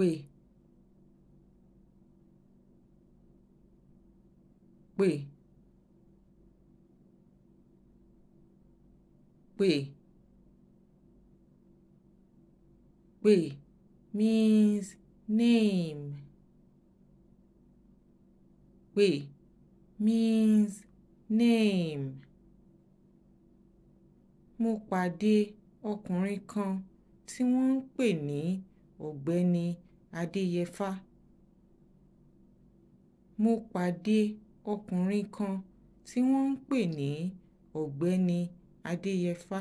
pè pè pè pè means name pè means name mo pàdé ọkùnrin kan tí wọ́n ń pè ní ọ̀gbẹ́ni adéyẹfà mo pàdé ọkùnrin kan tí wọ́n ń pè ní ọ̀gbẹ́ni adéyẹfà